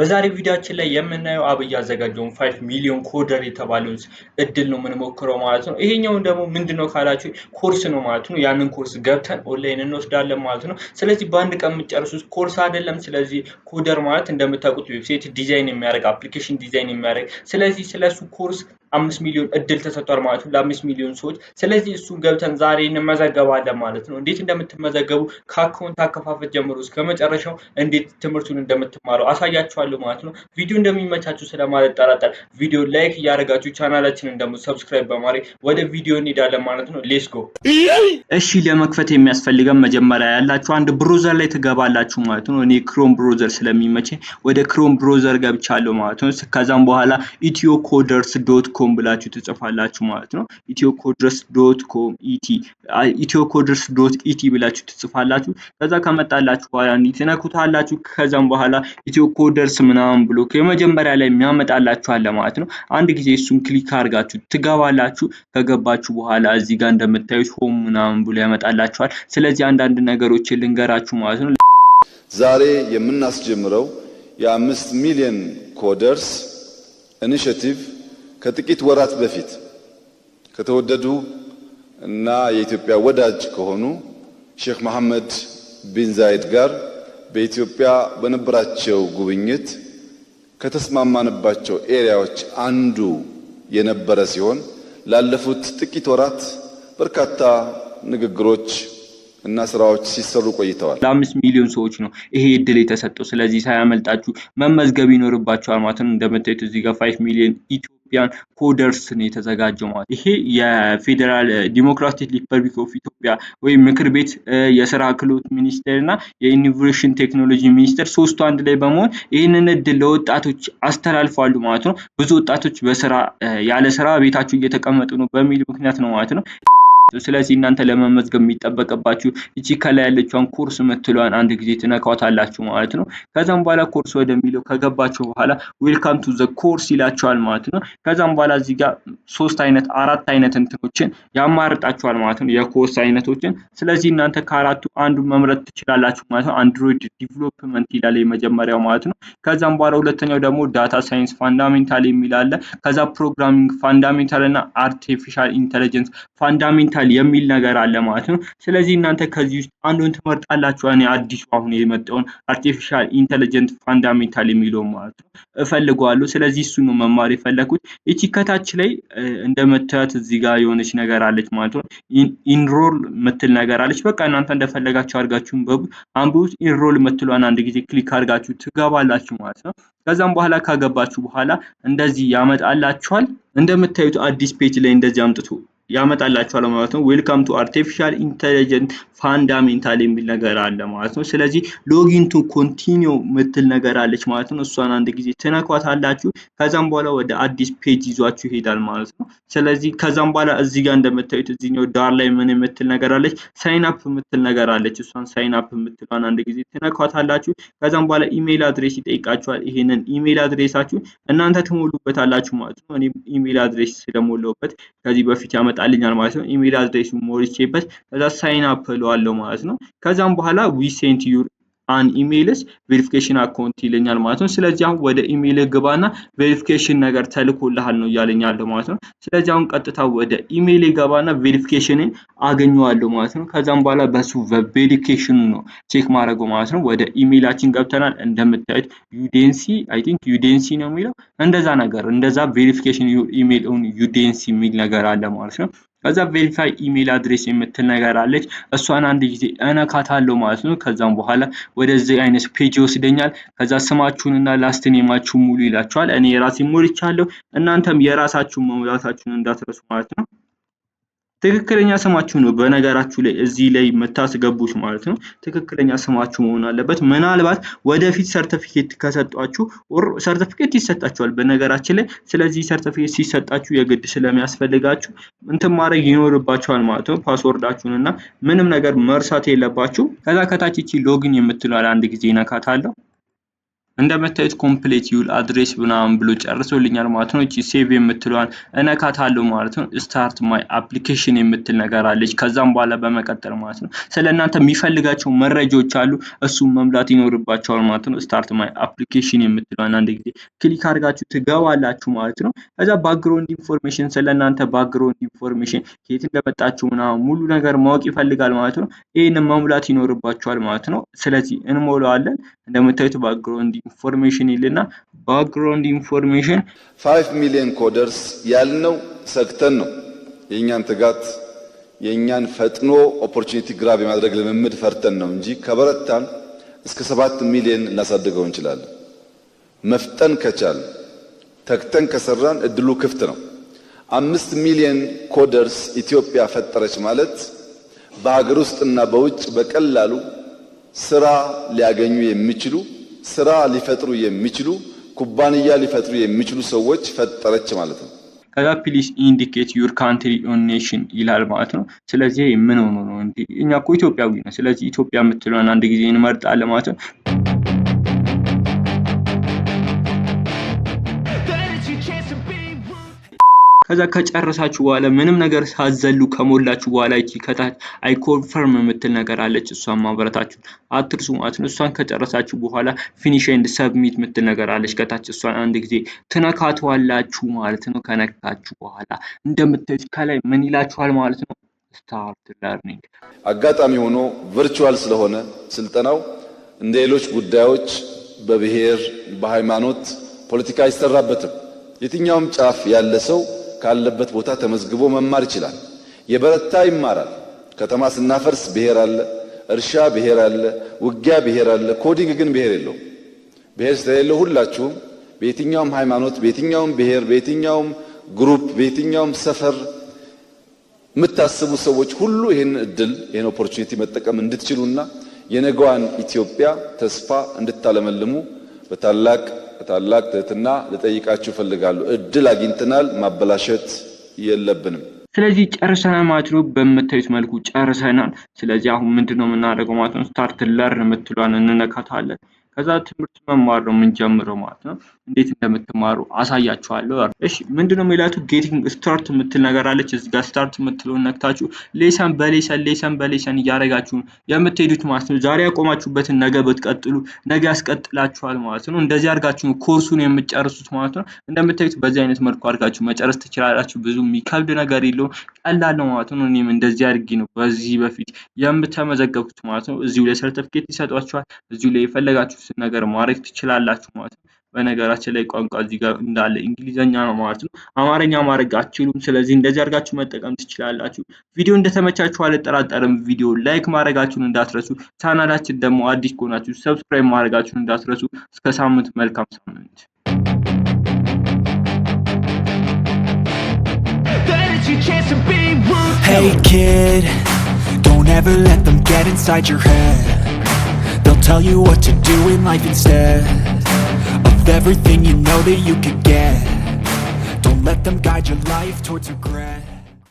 በዛሬ ቪዲዮአችን ላይ የምናየው አብይ ያዘጋጀውን ፋይቭ ሚሊዮን ኮደር የተባለውን እድል ነው የምንሞክረው ማለት ነው። ይሄኛውን ደግሞ ምንድነው ካላችሁ ኮርስ ነው ማለት ነው። ያንን ኮርስ ገብተን ኦንላይን እንወስዳለን ማለት ነው። ስለዚህ በአንድ ቀን የምትጨርሱ ኮርስ አይደለም። ስለዚህ ኮደር ማለት እንደምታውቁት ዌብሳይት ዲዛይን የሚያደርግ አፕሊኬሽን ዲዛይን የሚያደርግ ስለዚህ ስለሱ ኮርስ አምስት ሚሊዮን እድል ተሰጥቷል ማለት ነው ለአምስት ሚሊዮን ሰዎች። ስለዚህ እሱ ገብተን ዛሬ እንመዘገባለን ማለት ነው። እንዴት እንደምትመዘገቡ ከአካውንት አከፋፈት ጀምሮ እስከ መጨረሻው እንዴት ትምህርቱን እንደምትማረው አሳያችኋለሁ ማለት ነው። ቪዲዮ እንደሚመቻችሁ ስለማልጠራጠር ቪዲዮ ላይክ እያደረጋችሁ ቻናላችንን ደግሞ ሰብስክራይብ በማድረግ ወደ ቪዲዮ እንሄዳለን ማለት ነው። ሌስ ጎ። እሺ ለመክፈት የሚያስፈልገን መጀመሪያ ያላችሁ አንድ ብሮዘር ላይ ትገባላችሁ ማለት ነው። እኔ ክሮም ብሮዘር ስለሚመቸኝ ወደ ክሮም ብሮዘር ገብቻለሁ ማለት ነው። ከዛም በኋላ ኢትዮ ኮደርስ ዶት ኮም ብላችሁ ትጽፋላችሁ ማለት ነው። ኢትዮ ኮድረስ ዶት ኮም ኢቲ ዶት ኢቲ ብላችሁ ትጽፋላችሁ። ከዛ ከመጣላችሁ በኋላ ትነኩታላችሁ። ከዛም በኋላ ኢትዮ ኮደርስ ምናምን ብሎ የመጀመሪያ ላይ የሚያመጣላችኋል ማለት ነው። አንድ ጊዜ እሱን ክሊክ አድርጋችሁ ትገባላችሁ። ከገባችሁ በኋላ እዚህ ጋር እንደምታዩት ሆም ምናምን ብሎ ያመጣላችኋል። ስለዚህ አንዳንድ ነገሮችን ልንገራችሁ ማለት ነው። ዛሬ የምናስጀምረው የአምስት ሚሊዮን ኮደርስ ኢኒሽቲቭ ከጥቂት ወራት በፊት ከተወደዱ እና የኢትዮጵያ ወዳጅ ከሆኑ ሼክ መሐመድ ቢን ዛይድ ጋር በኢትዮጵያ በነበራቸው ጉብኝት ከተስማማንባቸው ኤሪያዎች አንዱ የነበረ ሲሆን ላለፉት ጥቂት ወራት በርካታ ንግግሮች እና ስራዎች ሲሰሩ ቆይተዋል። ለአምስት ሚሊዮን ሰዎች ነው ይሄ እድል የተሰጠው። ስለዚህ ሳያመልጣችሁ መመዝገብ ይኖርባቸዋል ማለት ነው። እንደምታዩት እዚህ ጋር ፋይቭ ሚሊዮን ኢትዮጵያን ኮደርስ ነው የተዘጋጀው ማለት ይሄ የፌዴራል ዲሞክራቲክ ሪፐብሊክ ኦፍ ኢትዮጵያ ወይም ምክር ቤት የስራ ክህሎት ሚኒስቴር እና የኢኖቬሽን ቴክኖሎጂ ሚኒስቴር ሶስቱ አንድ ላይ በመሆን ይህንን እድል ለወጣቶች አስተላልፏሉ ማለት ነው። ብዙ ወጣቶች በስራ ያለ ስራ ቤታቸው እየተቀመጡ ነው በሚል ምክንያት ነው ማለት ነው። ስለዚህ እናንተ ለመመዝገብ የሚጠበቅባችሁ እቺ ከላይ ያለችዋን ኮርስ ምትሏን አንድ ጊዜ ትነካውታላችሁ ማለት ነው። ከዛም በኋላ ኮርስ ወደሚለው ከገባችሁ በኋላ ዌልካም ቱ ዘ ኮርስ ይላችኋል ማለት ነው። ከዛም በኋላ እዚህ ጋር ሶስት አይነት አራት አይነት እንትኖችን ያማርጣችኋል ማለት ነው የኮርስ አይነቶችን። ስለዚህ እናንተ ከአራቱ አንዱ መምረጥ ትችላላችሁ ማለት ነው። አንድሮይድ ዲቨሎፕመንት ይላል የመጀመሪያው ማለት ነው። ከዛም በኋላ ሁለተኛው ደግሞ ዳታ ሳይንስ ፋንዳሜንታል የሚል አለ። ከዛ ፕሮግራሚንግ ፋንዳሜንታል እና አርቲፊሻል ኢንተለጀንስ ፋንዳሜንታል ይመቻል የሚል ነገር አለ ማለት ነው። ስለዚህ እናንተ ከዚህ ውስጥ አንዱን ትመርጣላችሁ። እኔ አዲሱ አሁን የመጣውን አርቲፊሻል ኢንተለጀንት ፋንዳሜንታል የሚለውን ማለት ነው እፈልገዋለሁ። ስለዚህ እሱ ነው መማር የፈለኩት። እቺ ከታች ላይ እንደምታዩት እዚህ ጋር የሆነች ነገር አለች ማለት ነው። ኢንሮል ምትል ነገር አለች። በቃ እናንተ እንደፈለጋችሁ አድርጋችሁን በቡ አንብቡት። ኢንሮል ምትሏን አንድ ጊዜ ክሊክ አድርጋችሁ ትገባላችሁ ማለት ነው። ከዛም በኋላ ካገባችሁ በኋላ እንደዚህ ያመጣላችኋል። እንደምታዩት አዲስ ፔጅ ላይ እንደዚህ አምጥቶ ያመጣላቸዋል ማለት ነው። ዌልካም ቱ አርቲፊሻል ኢንተለጀንት ፋንዳሜንታል የሚል ነገር አለ ማለት ነው። ስለዚህ ሎጊን ቱ ኮንቲኒው የምትል ነገር አለች ማለት ነው። እሷን አንድ ጊዜ ትነኳት አላችሁ። ከዛም በኋላ ወደ አዲስ ፔጅ ይዟችሁ ይሄዳል ማለት ነው። ስለዚህ ከዛም በኋላ እዚህ ጋር እንደምታዩት እዚህኛው ዳር ላይ ምን የምትል ነገር አለች? ሳይን አፕ የምትል ነገር አለች። እሷን ሳይን አፕ የምትሏን አንድ ጊዜ ትነኳት አላችሁ። ከዛም በኋላ ኢሜይል አድሬስ ይጠይቃችኋል። ይሄንን ኢሜይል አድሬሳችሁ እናንተ አላችሁ ማለት ነው። እኔ ኢሜይል አድሬስ ስለሞላውበት ከዚህ በፊት ያመጣ ይመጣልኛል ማለት ነው። ኢሜል አድሬሱን ሞልቼበት ከዛ ሳይን አፕ እለዋለሁ ማለት ነው። ከዛም በኋላ ዊ ሴንት ዩር አን ኢሜይልስ ቬሪፊኬሽን አካውንት ይለኛል ማለት ነው። ስለዚህ አሁን ወደ ኢሜይል ገባና ቬሪፊኬሽን ነገር ተልኮልሃል ነው እያለኝ ማለት ነው። ስለዚህ አሁን ቀጥታ ወደ ኢሜይል ገባና ቬሪፊኬሽንን አገኘዋለሁ ማለት ነው። ከዛም በኋላ በሱ ቬሪፊኬሽኑ ነው ቼክ ማድረገው ማለት ነው። ወደ ኢሜይላችን ገብተናል። እንደምታዩት ዩዴንሲ አይ ቲንክ ዩዴንሲ ነው የሚለው እንደዛ ነገር እንደዛ ቬሪፊኬሽን ኢሜይል ዩዴንሲ የሚል ነገር አለ ማለት ነው። ከዛ ቬሪፋይ ኢሜል አድሬስ የምትል ነገር አለች። እሷን አንድ ጊዜ እነካታለሁ ማለት ነው። ከዛም በኋላ ወደዚህ አይነት ፔጅ ይወስደኛል። ከዛ ስማችሁንና ላስት ኔማችሁን ሙሉ ይላችኋል። እኔ የራሴን ሞልቻለሁ። እናንተም የራሳችሁን መሙላታችሁን እንዳትረሱ ማለት ነው። ትክክለኛ ስማችሁ ነው በነገራችሁ ላይ እዚህ ላይ የምታስገቡት ማለት ነው። ትክክለኛ ስማችሁ መሆን አለበት። ምናልባት ወደፊት ሰርተፊኬት ከሰጧችሁ ሰርተፊኬት ይሰጣችኋል በነገራችን ላይ። ስለዚህ ሰርተፊኬት ሲሰጣችሁ የግድ ስለሚያስፈልጋችሁ እንትን ማድረግ ይኖርባችኋል ማለት ነው። ፓስወርዳችሁን እና ምንም ነገር መርሳት የለባችሁ። ከዛ ከታች ይቺ ሎግን የምትለዋል አንድ ጊዜ ነካታለሁ። እንደምታዩት ኮምፕሌት ዩል አድሬስ ምናምን ብሎ ጨርሶልኛል ማለት ነው። እቺ ሴቭ የምትለዋን እነካታለሁ ማለት ነው። ስታርት ማይ አፕሊኬሽን የምትል ነገር አለች። ከዛም በኋላ በመቀጠል ማለት ነው ስለ እናንተ የሚፈልጋቸው መረጃዎች አሉ። እሱም መምላት ይኖርባቸዋል ማለት ነው። ስታርት ማይ አፕሊኬሽን የምትለዋን አንድ ጊዜ ክሊክ አድርጋችሁ ትገባላችሁ ማለት ነው። ከዛ ባክግራውንድ ኢንፎርሜሽን ስለ እናንተ ባክግራውንድ ኢንፎርሜሽን ከየት እንደመጣችሁ ምናምን ሙሉ ነገር ማወቅ ይፈልጋል ማለት ነው። ይህንን መሙላት ይኖርባቸዋል ማለት ነው። ስለዚህ እንሞላዋለን እንደምታዩት ባክግራውንድ ኢንፎርሜሽን ይልና ባክግራውንድ ኢንፎርሜሽን ፋይቭ ሚሊዮን ኮደርስ ያልነው ሰግተን ነው። የእኛን ትጋት የእኛን ፈጥኖ ኦፖርቹኒቲ ግራብ የማድረግ ልምምድ ፈርተን ነው እንጂ ከበረታን እስከ ሰባት ሚሊዮን እናሳድገው እንችላለን። መፍጠን ከቻል ተክተን ከሰራን እድሉ ክፍት ነው። አምስት ሚሊዮን ኮደርስ ኢትዮጵያ ፈጠረች ማለት በሀገር ውስጥና በውጭ በቀላሉ ስራ ሊያገኙ የሚችሉ ስራ ሊፈጥሩ የሚችሉ ኩባንያ ሊፈጥሩ የሚችሉ ሰዎች ፈጠረች ማለት ነው። ከዛ ፕሊስ ኢንዲኬት ዩር ካንትሪ ኦን ኔሽን ይላል ማለት ነው። ስለዚህ የምንሆኑ ነው እኛ እኮ ኢትዮጵያዊ ነው። ስለዚህ ኢትዮጵያ የምትለን አንድ ጊዜ እንመርጣለን ማለት ነው። ከዛ ከጨረሳችሁ በኋላ ምንም ነገር ሳዘሉ ከሞላችሁ በኋላ ይቺ ከታች አይ ኮንፈርም የምትል ነገር አለች። እሷን ማብረታችሁ አትርሱ ማለት ነው። እሷን ከጨረሳችሁ በኋላ ፊኒሽ ኤንድ ሰብሚት የምትል ነገር አለች ከታች። እሷን አንድ ጊዜ ትነካቷላችሁ ማለት ነው። ከነካችሁ በኋላ እንደምታዩት ከላይ ምን ይላችኋል ማለት ነው ስታርት ለርኒንግ። አጋጣሚ ሆኖ ቨርቹዋል ስለሆነ ስልጠናው እንደ ሌሎች ጉዳዮች በብሔር በሃይማኖት ፖለቲካ አይሰራበትም። የትኛውም ጫፍ ያለ ሰው ካለበት ቦታ ተመዝግቦ መማር ይችላል። የበረታ ይማራል። ከተማ ስናፈርስ ብሔር አለ፣ እርሻ ብሔር አለ፣ ውጊያ ብሔር አለ። ኮዲንግ ግን ብሔር የለው። ብሔር ስለሌለው ሁላችሁም በየትኛውም ሃይማኖት፣ በየትኛውም ብሔር፣ በየትኛውም ግሩፕ፣ በየትኛውም ሰፈር የምታስቡ ሰዎች ሁሉ ይህን እድል ይህን ኦፖርቹኒቲ መጠቀም እንድትችሉና የነገዋን ኢትዮጵያ ተስፋ እንድታለመልሙ በታላቅ በታላቅ ትህትና ልጠይቃችሁ እፈልጋለሁ። እድል አግኝተናል፣ ማበላሸት የለብንም። ስለዚህ ጨርሰናል ማለት ነው። በምታዩት መልኩ ጨርሰናል። ስለዚህ አሁን ምንድን ነው የምናደርገው ማለት ነው? ስታርት ለርን የምትሏን እንነካታለን። ከዛ ትምህርት መማር ነው የምንጀምረው ማለት ነው። እንዴት እንደምትማሩ አሳያችኋለሁ። እሺ ነው የሚላችሁ? ጌቲንግ ስታርት የምትል ነገር አለች። እዚህ ጋር ስታርት የምትለውን ነክታችሁ ሌሰን በሌሰን ሌሰን በሌሰን እያደረጋችሁ የምትሄዱት ማለት ነው። ዛሬ ያቆማችሁበትን ነገ ብትቀጥሉ ነገ ያስቀጥላችኋል ማለት ነው። እንደዚህ አድርጋችሁ ኮርሱን የምትጨርሱት ማለት ነው። እንደምታዩት በዚህ አይነት መልኩ አድርጋችሁ መጨረስ ትችላላችሁ። ብዙ የሚከብድ ነገር የለውም፣ ቀላል ነው ማለት ነው። እኔም እንደዚህ አድርጌ ነው በዚህ በፊት የምተመዘገብኩት ማለት ነው። እዚሁ ላይ ሰርተፍኬት ይሰጧችኋል። እዚሁ ላይ የፈለጋችሁትን ነገር ማድረግ ትችላላችሁ ማለት ነው። በነገራችን ላይ ቋንቋ እዚህ ጋር እንዳለ እንግሊዘኛ ነው ማለት ነው። አማርኛ ማድረግ አትችሉም። ስለዚህ እንደዚህ አድርጋችሁ መጠቀም ትችላላችሁ። ቪዲዮ እንደተመቻችሁ አልጠራጠርም። ቪዲዮ ላይክ ማድረጋችሁን እንዳትረሱ። ቻናላችን ደግሞ አዲስ ከሆናችሁ ሰብስክራይብ ማድረጋችሁን እንዳትረሱ። እስከ ሳምንት፣ መልካም ሳምንት። Hey kid, don't ever let them get inside your head. They'll tell you what to do in life instead. everything you know that you could get Don't let them guide your life towards regret